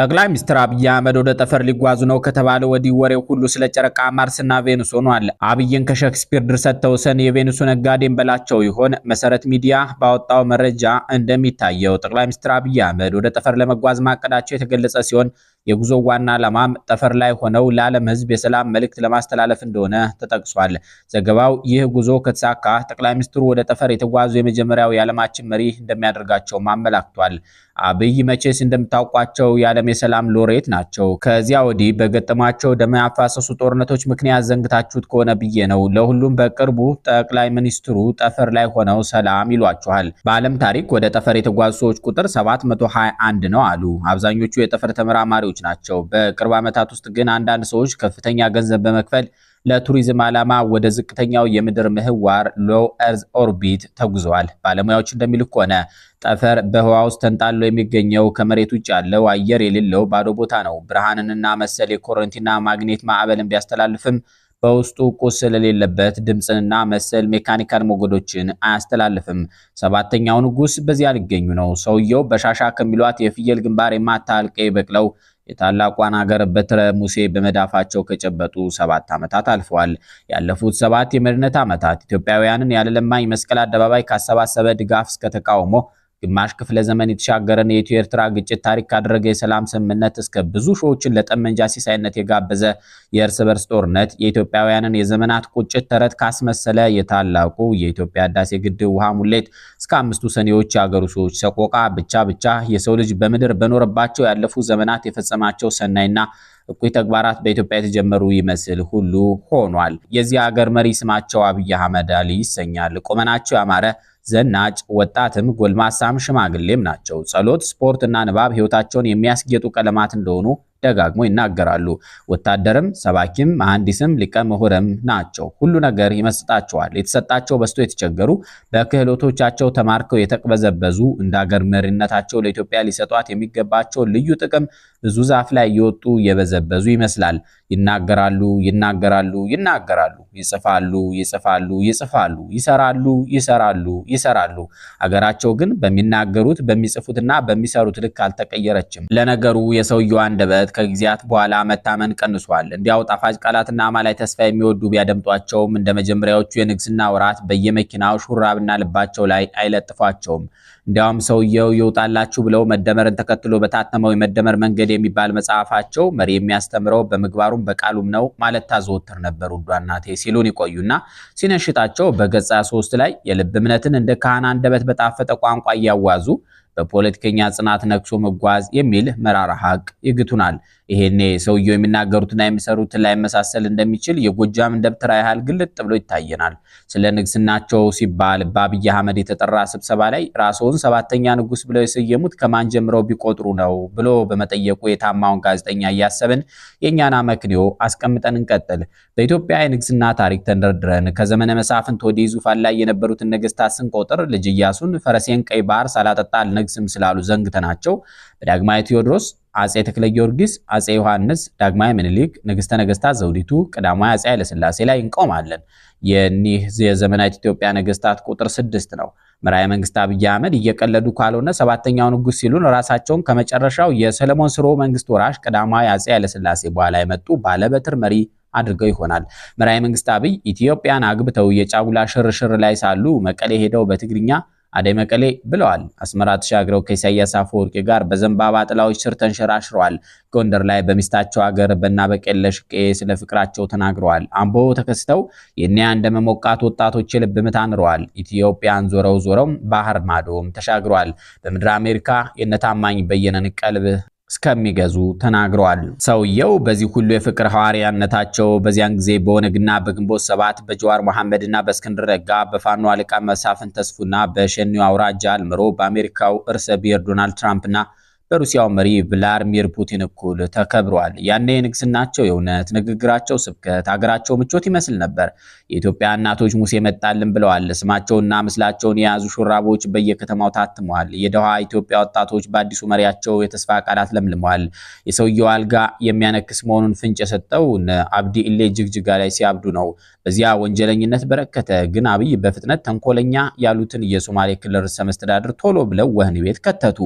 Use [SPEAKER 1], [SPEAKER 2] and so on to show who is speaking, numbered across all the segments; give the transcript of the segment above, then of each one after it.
[SPEAKER 1] ጠቅላይ ሚኒስትር አብይ አህመድ ወደ ጠፈር ሊጓዙ ነው ከተባለ ወዲህ ወሬው ሁሉ ስለ ጨረቃ ማርስና ቬኑስ ሆኗል። አብይን ከሼክስፒር ድርሰት ተውሰን የቬኑሱ ነጋዴን በላቸው ይሆን? መሰረት ሚዲያ ባወጣው መረጃ እንደሚታየው ጠቅላይ ሚኒስትር አብይ አህመድ ወደ ጠፈር ለመጓዝ ማቀዳቸው የተገለጸ ሲሆን የጉዞ ዋና ዓላማም ጠፈር ላይ ሆነው ለዓለም ሕዝብ የሰላም መልእክት ለማስተላለፍ እንደሆነ ተጠቅሷል። ዘገባው ይህ ጉዞ ከተሳካ ጠቅላይ ሚኒስትሩ ወደ ጠፈር የተጓዙ የመጀመሪያው የዓለማችን መሪ እንደሚያደርጋቸውም አመላክቷል። አብይ መቼስ እንደምታውቋቸው የዓለም የሰላም ሎሬት ናቸው። ከዚያ ወዲህ በገጠማቸው ደም ያፋሰሱ ጦርነቶች ምክንያት ዘንግታችሁት ከሆነ ብዬ ነው። ለሁሉም በቅርቡ ጠቅላይ ሚኒስትሩ ጠፈር ላይ ሆነው ሰላም ይሏችኋል። በዓለም ታሪክ ወደ ጠፈር የተጓዙ ሰዎች ቁጥር 721 ነው አሉ። አብዛኞቹ የጠፈር ተመራማሪ ነዋሪዎች ናቸው። በቅርብ ዓመታት ውስጥ ግን አንዳንድ ሰዎች ከፍተኛ ገንዘብ በመክፈል ለቱሪዝም ዓላማ ወደ ዝቅተኛው የምድር ምህዋር ሎው ኤርዝ ኦርቢት ተጉዘዋል። ባለሙያዎች እንደሚል ከሆነ ጠፈር በህዋ ውስጥ ተንጣሎ የሚገኘው ከመሬት ውጭ ያለው አየር የሌለው ባዶ ቦታ ነው። ብርሃንንና መሰል የኮረንቲና ማግኔት ማዕበልን ቢያስተላልፍም በውስጡ ቁስ ስለሌለበት ድምፅንና መሰል ሜካኒካል ሞገዶችን አያስተላልፍም። ሰባተኛው ንጉስ በዚያ ሊገኙ ነው። ሰውየው በሻሻ ከሚሏት የፍየል ግንባር የማታልቀ በቅለው የታላቋን አገር በትረ ሙሴ በመዳፋቸው ከጨበጡ ሰባት ዓመታት አልፈዋል። ያለፉት ሰባት የመሪነት ዓመታት ኢትዮጵያውያንን ያለለማኝ መስቀል አደባባይ ካሰባሰበ ድጋፍ እስከ ተቃውሞ ግማሽ ክፍለ ዘመን የተሻገረን የኢትዮ ኤርትራ ግጭት ታሪክ ካደረገ የሰላም ስምምነት እስከ ብዙ ሺዎችን ለጠመንጃ ሲሳይነት የጋበዘ የእርስ በርስ ጦርነት የኢትዮጵያውያንን የዘመናት ቁጭት ተረት ካስመሰለ የታላቁ የኢትዮጵያ ህዳሴ ግድብ ውሃ ሙሌት እስከ አምስቱ ሰኔዎች የአገሩ ሰዎች ሰቆቃ ብቻ ብቻ የሰው ልጅ በምድር በኖረባቸው ያለፉ ዘመናት የፈጸማቸው ሰናይና እኩይ ተግባራት በኢትዮጵያ የተጀመሩ ይመስል ሁሉ ሆኗል። የዚህ አገር መሪ ስማቸው አብይ አህመድ አሊ ይሰኛል። ቁመናቸው ያማረ ዘናጭ ወጣትም ጎልማሳም ሽማግሌም ናቸው። ጸሎት፣ ስፖርት እና ንባብ ህይወታቸውን የሚያስጌጡ ቀለማት እንደሆኑ ደጋግሞ ይናገራሉ። ወታደርም፣ ሰባኪም፣ መሐንዲስም ሊቀ ምሁርም ናቸው። ሁሉ ነገር ይመስጣቸዋል። የተሰጣቸው በስቶ የተቸገሩ በክህሎቶቻቸው ተማርከው የተቅበዘበዙ እንደ አገር መሪነታቸው ለኢትዮጵያ ሊሰጧት የሚገባቸው ልዩ ጥቅም ብዙ ዛፍ ላይ እየወጡ እየበዘበዙ ይመስላል። ይናገራሉ፣ ይናገራሉ፣ ይናገራሉ፣ ይጽፋሉ፣ ይጽፋሉ፣ ይጽፋሉ፣ ይሰራሉ፣ ይሰራሉ፣ ይሰራሉ። አገራቸው ግን በሚናገሩት በሚጽፉትና በሚሰሩት ልክ አልተቀየረችም። ለነገሩ የሰውየው አንደበት ድምጸት ከጊዜያት በኋላ መታመን ቀንሷል። እንዲያው ጣፋጭ ቃላትና አማላይ ተስፋ የሚወዱ ቢያደምጧቸውም እንደ መጀመሪያዎቹ የንግስና ወራት በየመኪናው ሹራብና ልባቸው ላይ አይለጥፏቸውም። እንዲያውም ሰውየው ይውጣላችሁ ብለው መደመርን ተከትሎ በታተመው የመደመር መንገድ የሚባል መጽሐፋቸው መሪ የሚያስተምረው በምግባሩም በቃሉም ነው ማለት ታዘወትር ነበር። ውዷ እናቴ ሲሉን ይቆዩና ሲነሽጣቸው በገጻ ሶስት ላይ የልብ እምነትን እንደ ካህን አንደበት በጣፈጠ ቋንቋ እያዋዙ በፖለቲከኛ ጽናት ነክሶ መጓዝ የሚል መራራ ሀቅ ይግቱናል። ይሄኔ ሰውየው የሚናገሩትና የሚሰሩትን ላይመሳሰል እንደሚችል የጎጃምን ደብተራ ያህል ግልጥ ብሎ ይታየናል። ስለ ንግስናቸው ሲባል በአብይ አህመድ የተጠራ ስብሰባ ላይ ራስዎን ሰባተኛ ንጉስ ብለው የሰየሙት ከማን ጀምረው ቢቆጥሩ ነው ብሎ በመጠየቁ የታማውን ጋዜጠኛ እያሰብን የእኛን አመክንዮ አስቀምጠን እንቀጥል። በኢትዮጵያ የንግስና ታሪክ ተንደርድረን ከዘመነ መሳፍንት ወዲህ ዙፋን ላይ የነበሩትን ነገስታት ስንቆጥር ልጅ እያሱን ፈረሴን ቀይ ባህር ሳላጠጣል አናነግስም ስላሉ ዘንግተናቸው በዳግማዊ ቴዎድሮስ፣ አጼ ተክለ ጊዮርጊስ፣ አጼ ዮሐንስ፣ ዳግማዊ ምኒልክ፣ ንግስተ ነገስታት ዘውዲቱ፣ ቀዳማዊ አጼ ኃይለስላሴ ላይ እንቆማለን። የኒህ የዘመናዊት ኢትዮጵያ ነገስታት ቁጥር ስድስት ነው። መራያ መንግስት አብይ አህመድ እየቀለዱ ካልሆነ ሰባተኛው ንጉስ ሲሉን ራሳቸውን ከመጨረሻው የሰለሞን ስርወ መንግስት ወራሽ ቀዳማዊ አጼ ኃይለስላሴ በኋላ የመጡ ባለበትር መሪ አድርገው ይሆናል። መራያ መንግስት አብይ ኢትዮጵያን አግብተው የጫጉላ ሽርሽር ላይ ሳሉ መቀሌ ሄደው በትግርኛ አደይ መቀሌ ብለዋል። አስመራ ተሻግረው ከኢሳያስ አፈወርቂ ጋር በዘንባባ ጥላዎች ስር ተንሸራሽረዋል። ጎንደር ላይ በሚስታቸው አገር በናበቄለሽ ቀዬ ስለ ፍቅራቸው ተናግረዋል። አምቦ ተከስተው የኒያ እንደመሞቃት ወጣቶች ልብ ምት አንረዋል። ኢትዮጵያን ዞረው ዞረው ባህር ማዶም ተሻግረዋል። በምድረ አሜሪካ የነታማኝ በየነን ቀልብ እስከሚገዙ ተናግረዋል። ሰውየው በዚህ ሁሉ የፍቅር ሐዋርያነታቸው በዚያን ጊዜ በኦነግና በግንቦት ሰባት በጀዋር መሐመድና በእስክንድር ነጋ በፋኖ አለቃ መሳፍን ተስፉና በሸኒው አውራጃ አልምሮ በአሜሪካው እርሰ ብሔር ዶናልድ ትራምፕና በሩሲያው መሪ ቭላድሚር ፑቲን እኩል ተከብሯል። ያኔ ንግስናቸው የእውነት ንግግራቸው ስብከት፣ ሀገራቸው ምቾት ይመስል ነበር። የኢትዮጵያ እናቶች ሙሴ መጣልን ብለዋል። ስማቸውና ምስላቸውን የያዙ ሹራቦች በየከተማው ታትመዋል። የደሃ ኢትዮጵያ ወጣቶች በአዲሱ መሪያቸው የተስፋ ቃላት ለምልመዋል። የሰውየው አልጋ የሚያነክስ መሆኑን ፍንጭ የሰጠው አብዲ ኢሌ ጅግጅጋ ላይ ሲያብዱ ነው። በዚያ ወንጀለኝነት በረከተ። ግን አብይ በፍጥነት ተንኮለኛ ያሉትን የሶማሌ ክልል ርዕሰ መስተዳድር ቶሎ ብለው ወህኒ ቤት ከተቱ።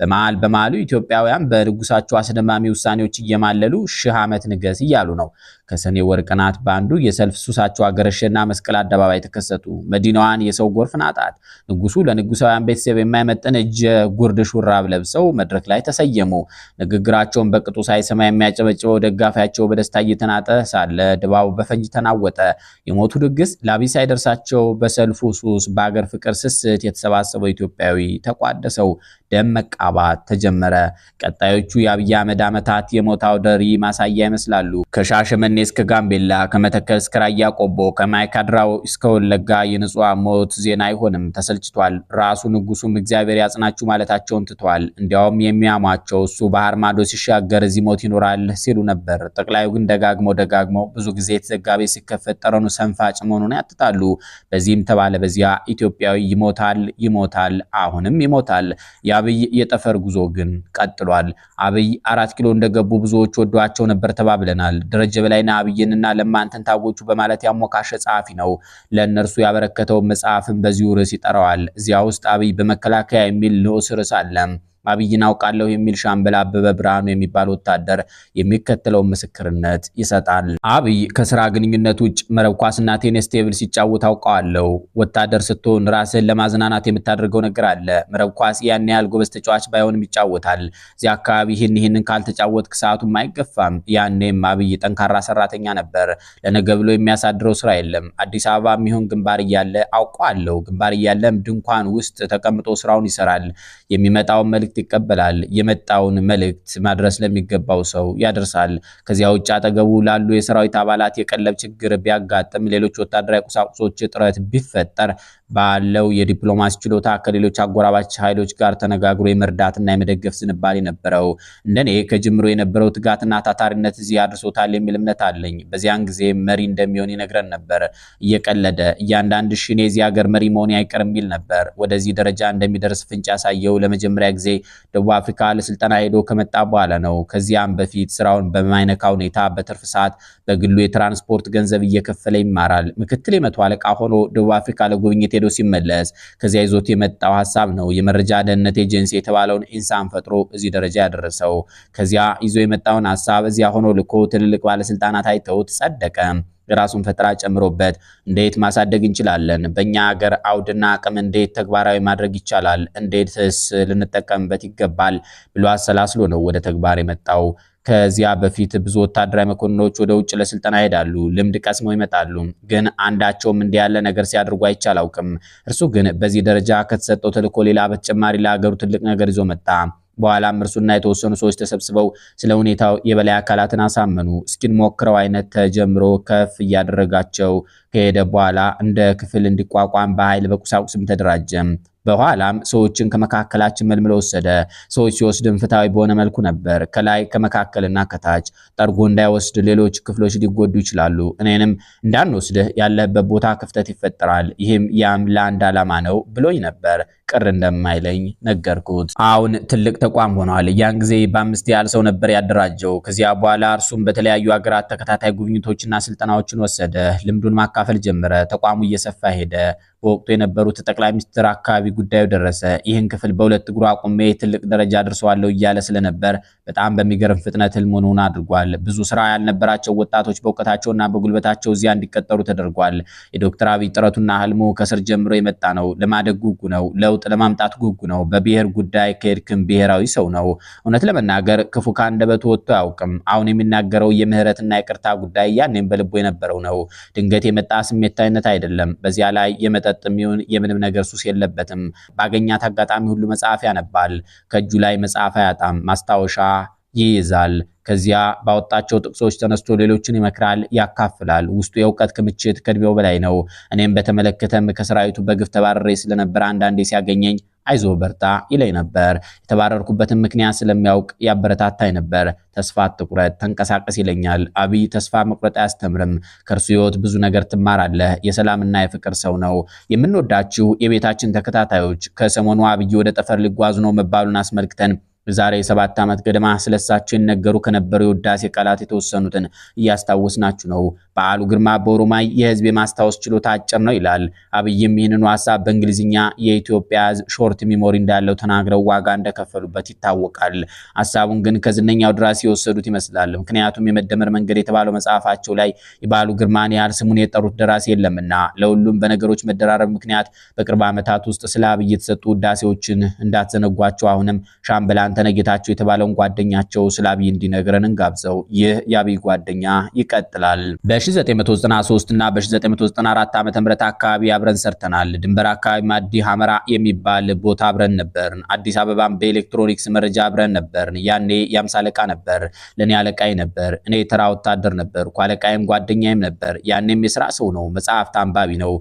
[SPEAKER 1] በመሃል በመሃል ይላሉ። ኢትዮጵያውያን በንጉሳቸው አስደማሚ ውሳኔዎች እየማለሉ ሺህ ዓመት ንገስ እያሉ ነው። ከሰኔ ወር ቀናት በአንዱ የሰልፍ ሱሳቸው አገረሸና መስቀል አደባባይ ተከሰቱ። መዲናዋን የሰው ጎርፍ ናጣት። ንጉሱ ለንጉሳውያን ቤተሰብ የማይመጥን እጀ ጉርድ ሹራብ ለብሰው መድረክ ላይ ተሰየሙ። ንግግራቸውን በቅጡ ሳይሰማ የሚያጨበጭበው ደጋፊያቸው በደስታ እየተናጠ ሳለ ድባቡ በፈንጅ ተናወጠ። የሞቱ ድግስ ላቢ ሳይደርሳቸው በሰልፉ ሱስ፣ በአገር ፍቅር ስስት የተሰባሰበው ኢትዮጵያዊ ተቋደሰው ደም መቃባት ተጀመረ። ቀጣዮቹ የአብይ አህመድ ዓመታት የሞት አውደ ርዕይ ማሳያ ይመስላሉ። ከሻሸመኔ ከደሴ እስከ ጋምቤላ፣ ከመተከል እስከ ራያ ቆቦ፣ ከማይካድራው እስከ ወለጋ የንጹሐን ሞት ዜና አይሆንም። ተሰልችቷል። ራሱ ንጉሱም እግዚአብሔር ያጽናችሁ ማለታቸውን ትተዋል። እንዲያውም የሚያሟቸው እሱ ባህር ማዶ ሲሻገር እዚህ ሞት ይኖራል ሲሉ ነበር። ጠቅላዩ ግን ደጋግመው ደጋግመው ብዙ ጊዜ የተዘጋቤ ሲከፈት ጠረኑ ሰንፋጭ መሆኑን ያትታሉ። በዚህም ተባለ በዚያ ኢትዮጵያዊ ይሞታል፣ ይሞታል፣ አሁንም ይሞታል። የአብይ የጠፈር ጉዞ ግን ቀጥሏል። አብይ አራት ኪሎ እንደገቡ ብዙዎች ወዷቸው ነበር ተባብለናል። ደረጀ በላይና አብይንና ለማንተን ታጎቹ በማለት ያሞካሸ ጸሐፊ ነው። ለእነርሱ ያበረከተውን መጽሐፍን በዚሁ ርዕስ ይጠራዋል። እዚያ ውስጥ አብይ በመከላከያ የሚል ንዑስ ርዕስ አለ። አብይን አውቃለሁ የሚል ሻምበል አበበ ብርሃኑ የሚባል ወታደር የሚከተለውን ምስክርነት ይሰጣል። አብይ ከስራ ግንኙነት ውጭ መረብ ኳስና ቴኒስ ቴብል ሲጫወት አውቀዋለሁ። ወታደር ስትሆን ራስህን ለማዝናናት የምታደርገው ነገር አለ። መረብ ኳስ ያን ያህል ጎበዝ ተጫዋች ባይሆንም ይጫወታል። እዚህ አካባቢ ይህን ይህንን ካልተጫወትክ ሰዓቱም አይገፋም። ያኔም አብይ ጠንካራ ሰራተኛ ነበር። ለነገ ብሎ የሚያሳድረው ስራ የለም። አዲስ አበባ የሚሆን ግንባር እያለ አውቀዋለሁ። ግንባር እያለም ድንኳን ውስጥ ተቀምጦ ስራውን ይሰራል። የሚመጣውን መልክ መልእክት ይቀበላል። የመጣውን መልእክት ማድረስ ለሚገባው ሰው ያደርሳል። ከዚያ ውጭ አጠገቡ ላሉ የሰራዊት አባላት የቀለብ ችግር ቢያጋጥም፣ ሌሎች ወታደራዊ ቁሳቁሶች እጥረት ቢፈጠር ባለው የዲፕሎማሲ ችሎታ ከሌሎች አጎራባች ኃይሎች ጋር ተነጋግሮ የመርዳትና የመደገፍ ዝንባሌ ነበረው። እንደኔ ከጅምሮ የነበረው ትጋትና ታታሪነት እዚህ አድርሶታል የሚል እምነት አለኝ። በዚያን ጊዜ መሪ እንደሚሆን ይነግረን ነበር። እየቀለደ እያንዳንድ ሽኔ የዚህ ሀገር መሪ መሆን አይቀርም የሚል ነበር። ወደዚህ ደረጃ እንደሚደርስ ፍንጭ ያሳየው ለመጀመሪያ ጊዜ ደቡብ አፍሪካ ለስልጠና ሄዶ ከመጣ በኋላ ነው። ከዚያም በፊት ስራውን በማይነካ ሁኔታ በትርፍ ሰዓት በግሉ የትራንስፖርት ገንዘብ እየከፈለ ይማራል። ምክትል የመቶ አለቃ ሆኖ ደቡብ አፍሪካ ለጉብኝት ሄዶ ሲመለስ ከዚያ ይዞት የመጣው ሀሳብ ነው የመረጃ ደህንነት ኤጀንሲ የተባለውን ኢንሳን ፈጥሮ እዚህ ደረጃ ያደረሰው። ከዚያ ይዞ የመጣውን ሀሳብ እዚያ ሆኖ ልኮ ትልልቅ ባለስልጣናት አይተውት ጸደቀ። የራሱን ፈጠራ ጨምሮበት እንዴት ማሳደግ እንችላለን? በእኛ ሀገር አውድና አቅም እንዴት ተግባራዊ ማድረግ ይቻላል? እንዴትስ ልንጠቀምበት ይገባል? ብሎ አሰላስሎ ነው ወደ ተግባር የመጣው። ከዚያ በፊት ብዙ ወታደራዊ መኮንኖች ወደ ውጭ ለስልጠና ይሄዳሉ፣ ልምድ ቀስመው ይመጣሉ። ግን አንዳቸውም እንዲህ ያለ ነገር ሲያደርጉ አይቼ አላውቅም። እርሱ ግን በዚህ ደረጃ ከተሰጠው ተልዕኮ ሌላ በተጨማሪ ለሀገሩ ትልቅ ነገር ይዞ መጣ። በኋላም እርሱና የተወሰኑ ሰዎች ተሰብስበው ስለ ሁኔታው የበላይ አካላትን አሳመኑ። እስኪን ሞክረው አይነት ተጀምሮ ከፍ እያደረጋቸው ከሄደ በኋላ እንደ ክፍል እንዲቋቋም በኃይል በቁሳቁስም ተደራጀ። በኋላም ሰዎችን ከመካከላችን መልምሎ ወሰደ። ሰዎች ሲወስድ ፍትሐዊ በሆነ መልኩ ነበር። ከላይ ከመካከልና ከታች ጠርጎ እንዳይወስድ ሌሎች ክፍሎች ሊጎዱ ይችላሉ። እኔንም እንዳንወስድህ ያለህበት ቦታ ክፍተት ይፈጠራል። ይህም ያም ለአንድ ዓላማ ነው ብሎኝ ነበር። ቅር እንደማይለኝ ነገርኩት። አሁን ትልቅ ተቋም ሆኗል። ያን ጊዜ በአምስት ያህል ሰው ነበር ያደራጀው። ከዚያ በኋላ እርሱም በተለያዩ ሀገራት ተከታታይ ጉብኝቶችና ስልጠናዎችን ወሰደ። ልምዱን ማካ መካፈል ጀመረ። ተቋሙ እየሰፋ ሄደ። በወቅቱ የነበሩት ጠቅላይ ሚኒስትር አካባቢ ጉዳዩ ደረሰ። ይህን ክፍል በሁለት እግሩ አቁሜ ትልቅ ደረጃ ደርሰዋለሁ እያለ ስለነበር በጣም በሚገርም ፍጥነት ህልሙን አድርጓል። ብዙ ስራ ያልነበራቸው ወጣቶች በእውቀታቸውና በጉልበታቸው እዚያ እንዲቀጠሩ ተደርጓል። የዶክተር አብይ ጥረቱና ህልሙ ከስር ጀምሮ የመጣ ነው። ለማደግ ጉጉ ነው። ለውጥ ለማምጣት ጉጉ ነው። በብሔር ጉዳይ ከሄድክም ብሔራዊ ሰው ነው። እውነት ለመናገር ክፉ ካንደበቱ ወጥቶ አያውቅም። አሁን የሚናገረው የምህረትና የቅርታ ጉዳይ ያኔም በልቦ የነበረው ነው። ድንገት የመጣ ስሜታዊነት አይደለም። በዚያ ላይ የመጠ የሚጠጥም የምንም ነገር ሱስ የለበትም። ባገኛት አጋጣሚ ሁሉ መጽሐፍ ያነባል። ከእጁ ላይ መጽሐፍ አያጣም፣ ማስታወሻ ይይዛል። ከዚያ ባወጣቸው ጥቅሶች ተነስቶ ሌሎችን ይመክራል፣ ያካፍላል። ውስጡ የእውቀት ክምችት ከእድሜው በላይ ነው። እኔም በተመለከተም ከሰራዊቱ በግፍ ተባረሬ ስለነበር አንዳንዴ ሲያገኘኝ አይዞ በርታ ይለኝ ነበር። የተባረርኩበትን ምክንያት ስለሚያውቅ ያበረታታኝ ነበር። ተስፋ አትቁረጥ፣ ተንቀሳቀስ ይለኛል። አብይ ተስፋ መቁረጥ አያስተምርም። ከእርሱ ህይወት ብዙ ነገር ትማራለህ። የሰላምና የፍቅር ሰው ነው። የምንወዳችሁ የቤታችን ተከታታዮች ከሰሞኑ አብይ ወደ ጠፈር ሊጓዙ ነው መባሉን አስመልክተን ዛሬ ሰባት ዓመት ገደማ ስለሳቸው ይነገሩ ከነበሩ የውዳሴ ቃላት የተወሰኑትን እያስታወስናችሁ ነው። በዓሉ ግርማ በኦሮማይ የህዝብ የማስታወስ ችሎታ አጭር ነው ይላል። አብይም ይህንኑ ሀሳብ በእንግሊዝኛ የኢትዮጵያ ሾርት ሚሞሪ እንዳለው ተናግረው ዋጋ እንደከፈሉበት ይታወቃል። ሀሳቡን ግን ከዝነኛው ደራሲ የወሰዱት ይመስላል። ምክንያቱም የመደመር መንገድ የተባለው መጽሐፋቸው ላይ የበዓሉ ግርማን ያህል ስሙን የጠሩት ደራሲ የለምና ለሁሉም በነገሮች መደራረብ ምክንያት በቅርብ ዓመታት ውስጥ ስለ አብይ የተሰጡ ውዳሴዎችን እንዳትዘነጓቸው አሁንም ሻምበል አንተነህ ጌታቸው የተባለውን ጓደኛቸው ስለ አብይ እንዲነግረን እንጋብዘው። ይህ የአብይ ጓደኛ ይቀጥላል። በ1993 ና በ1994 ዓ ም አካባቢ አብረን ሰርተናል። ድንበር አካባቢ ማዲ ሐመራ የሚባል ቦታ አብረን ነበርን። አዲስ አበባን በኤሌክትሮኒክስ መረጃ አብረን ነበርን። ያኔ የአምሳ አለቃ ነበር፣ ለእኔ አለቃይ ነበር። እኔ ተራ ወታደር ነበር አለቃይም ጓደኛይም ነበር። ያኔም የስራ ሰው ነው፣ መጽሐፍት አንባቢ ነው።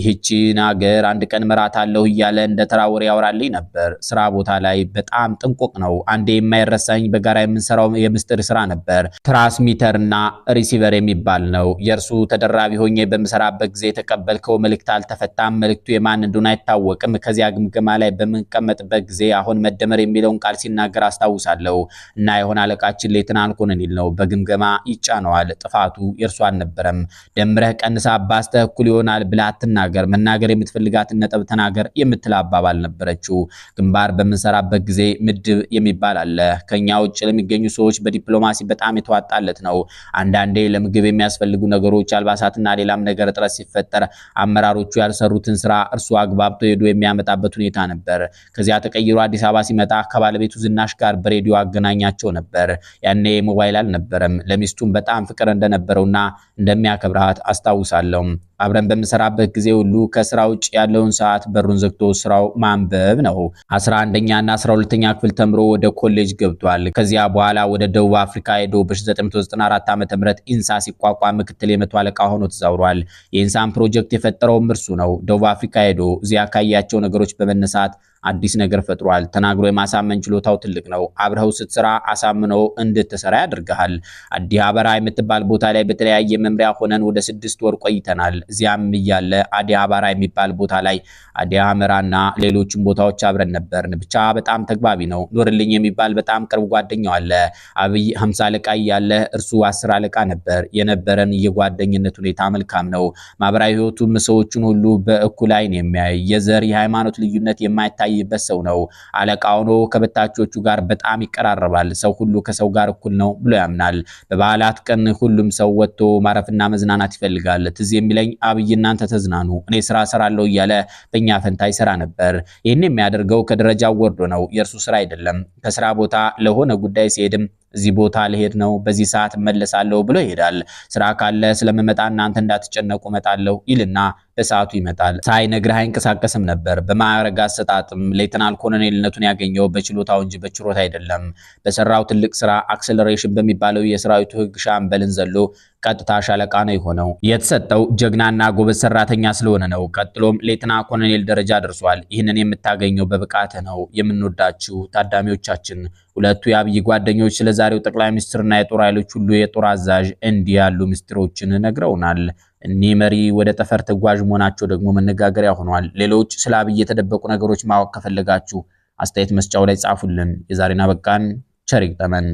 [SPEAKER 1] ይህችን አገር አንድ ቀን አለሁ እያለ እንደ ተራ ወሬ ያወራልኝ ነበር። ስራ ቦታ ላይ በጣም ጥንቁቅ ነው። አንዴ የማይረሳኝ በጋራ የምንሰራው የምስጢር ስራ ነበር። ትራንስሚተርና ሪሲቨር የሚባል ነው። የእርሱ ተደራቢ ሆኜ በምሰራበት ጊዜ የተቀበልከው መልእክት አልተፈታም። መልእክቱ የማን እንደሆነ አይታወቅም። ከዚያ ግምገማ ላይ በምንቀመጥበት ጊዜ አሁን መደመር የሚለውን ቃል ሲናገር አስታውሳለሁ እና የሆነ አለቃችን ሌትናል ኮሎኔል ነው። በግምገማ ይጫነዋል። ጥፋቱ የእርሱ አልነበረም። ደምረህ ቀንሳ አባስ ተኩል ይሆናል ብላ አትናገር። መናገር የምትፈልጋትን ነጥብ ተናገር የምትል አባባል ነበረችው። ግንባር በምንሰራበት ጊዜ ምድብ የሚባል አለ። ከኛ ውጭ ለሚገኙ ሰዎች በዲፕሎማሲ በጣም የተዋጣለት ነው። አንዳንዴ ለምግብ የሚያስፈልጉ የሚያስፈልጉ ነገሮች አልባሳትና ሌላም ነገር እጥረት ሲፈጠር አመራሮቹ ያልሰሩትን ስራ እርሱ አግባብቶ ሄዶ የሚያመጣበት ሁኔታ ነበር። ከዚያ ተቀይሮ አዲስ አበባ ሲመጣ ከባለቤቱ ዝናሽ ጋር በሬዲዮ አገናኛቸው ነበር። ያኔ ሞባይል አልነበረም። ለሚስቱም በጣም ፍቅር እንደነበረውና እንደሚያከብራት አስታውሳለሁ። አብረን በምሰራበት ጊዜ ሁሉ ከስራ ውጭ ያለውን ሰዓት በሩን ዘግቶ ስራው ማንበብ ነው። አስራ እና አስራ ሁለተኛ ክፍል ተምሮ ወደ ኮሌጅ ገብቷል። ከዚያ በኋላ ወደ ደቡብ አፍሪካ ሄዶ በ1994 ዓ ም ኢንሳ ሲቋቋም ምክትል የመቶ አለቃ ሆኖ ተዛውሯል። የኢንሳን ፕሮጀክት የፈጠረውም እርሱ ነው። ደቡብ አፍሪካ ሄዶ እዚያ ካያቸው ነገሮች በመነሳት አዲስ ነገር ፈጥሯል። ተናግሮ የማሳመን ችሎታው ትልቅ ነው። አብረው ስትሰራ አሳምነው እንድትሰራ ያደርግሃል። አዲህ አበራ የምትባል ቦታ ላይ በተለያየ መምሪያ ሆነን ወደ ስድስት ወር ቆይተናል። እዚያም እያለ አዲ አበራ የሚባል ቦታ ላይ አዲ አመራና ሌሎችም ቦታዎች አብረን ነበርን። ብቻ በጣም ተግባቢ ነው። ኖርልኝ የሚባል በጣም ቅርብ ጓደኛው አለ። አብይ ሀምሳ አለቃ እያለ እርሱ አስር አለቃ ነበር። የነበረን የጓደኝነት ሁኔታ መልካም ነው። ማህበራዊ ህይወቱም ሰዎችን ሁሉ በእኩል አይን የሚያይ የዘር የሃይማኖት ልዩነት የማይታ የሚታይበት ሰው ነው። አለቃ ሆኖ ከበታቾቹ ጋር በጣም ይቀራረባል። ሰው ሁሉ ከሰው ጋር እኩል ነው ብሎ ያምናል። በበዓላት ቀን ሁሉም ሰው ወጥቶ ማረፍና መዝናናት ይፈልጋል። ትዝ የሚለኝ አብይ እናንተ ተዝናኑ እኔ ስራ ሰራለሁ እያለ በእኛ ፈንታ ይሰራ ነበር። ይህን የሚያደርገው ከደረጃው ወርዶ ነው፣ የእርሱ ስራ አይደለም። ከስራ ቦታ ለሆነ ጉዳይ ሲሄድም እዚህ ቦታ ልሄድ ነው፣ በዚህ ሰዓት እመለሳለሁ ብሎ ይሄዳል። ስራ ካለ ስለምመጣ እናንተ እንዳትጨነቁ እመጣለሁ ይልና በሰዓቱ ይመጣል። ሳይነግርህ አይንቀሳቀስም ነበር። በማዕረግ አሰጣጥም ሌተናል ኮሎኔልነቱን ያገኘው በችሎታው እንጂ በችሮታ አይደለም። በሰራው ትልቅ ስራ አክሰለሬሽን በሚባለው የሰራዊቱ ህግ ሻምበልን ዘሎ ቀጥታ ሻለቃ ነው የሆነው። የተሰጠው ጀግናና ጎበዝ ሰራተኛ ስለሆነ ነው። ቀጥሎም ሌትና ኮሎኔል ደረጃ ደርሷል። ይህንን የምታገኘው በብቃት ነው። የምንወዳችሁ ታዳሚዎቻችን ሁለቱ የአብይ ጓደኞች ስለዛሬው ጠቅላይ ሚኒስትርና የጦር ኃይሎች ሁሉ የጦር አዛዥ እንዲህ ያሉ ምስጢሮችን ነግረውናል። እኒህ መሪ ወደ ጠፈር ተጓዥ መሆናቸው ደግሞ መነጋገሪያ ሆኗል። ሌሎች ስለ አብይ የተደበቁ ነገሮች ማወቅ ከፈለጋችሁ አስተያየት መስጫው ላይ ጻፉልን። የዛሬን በቃን። ቸር ይግጠመን።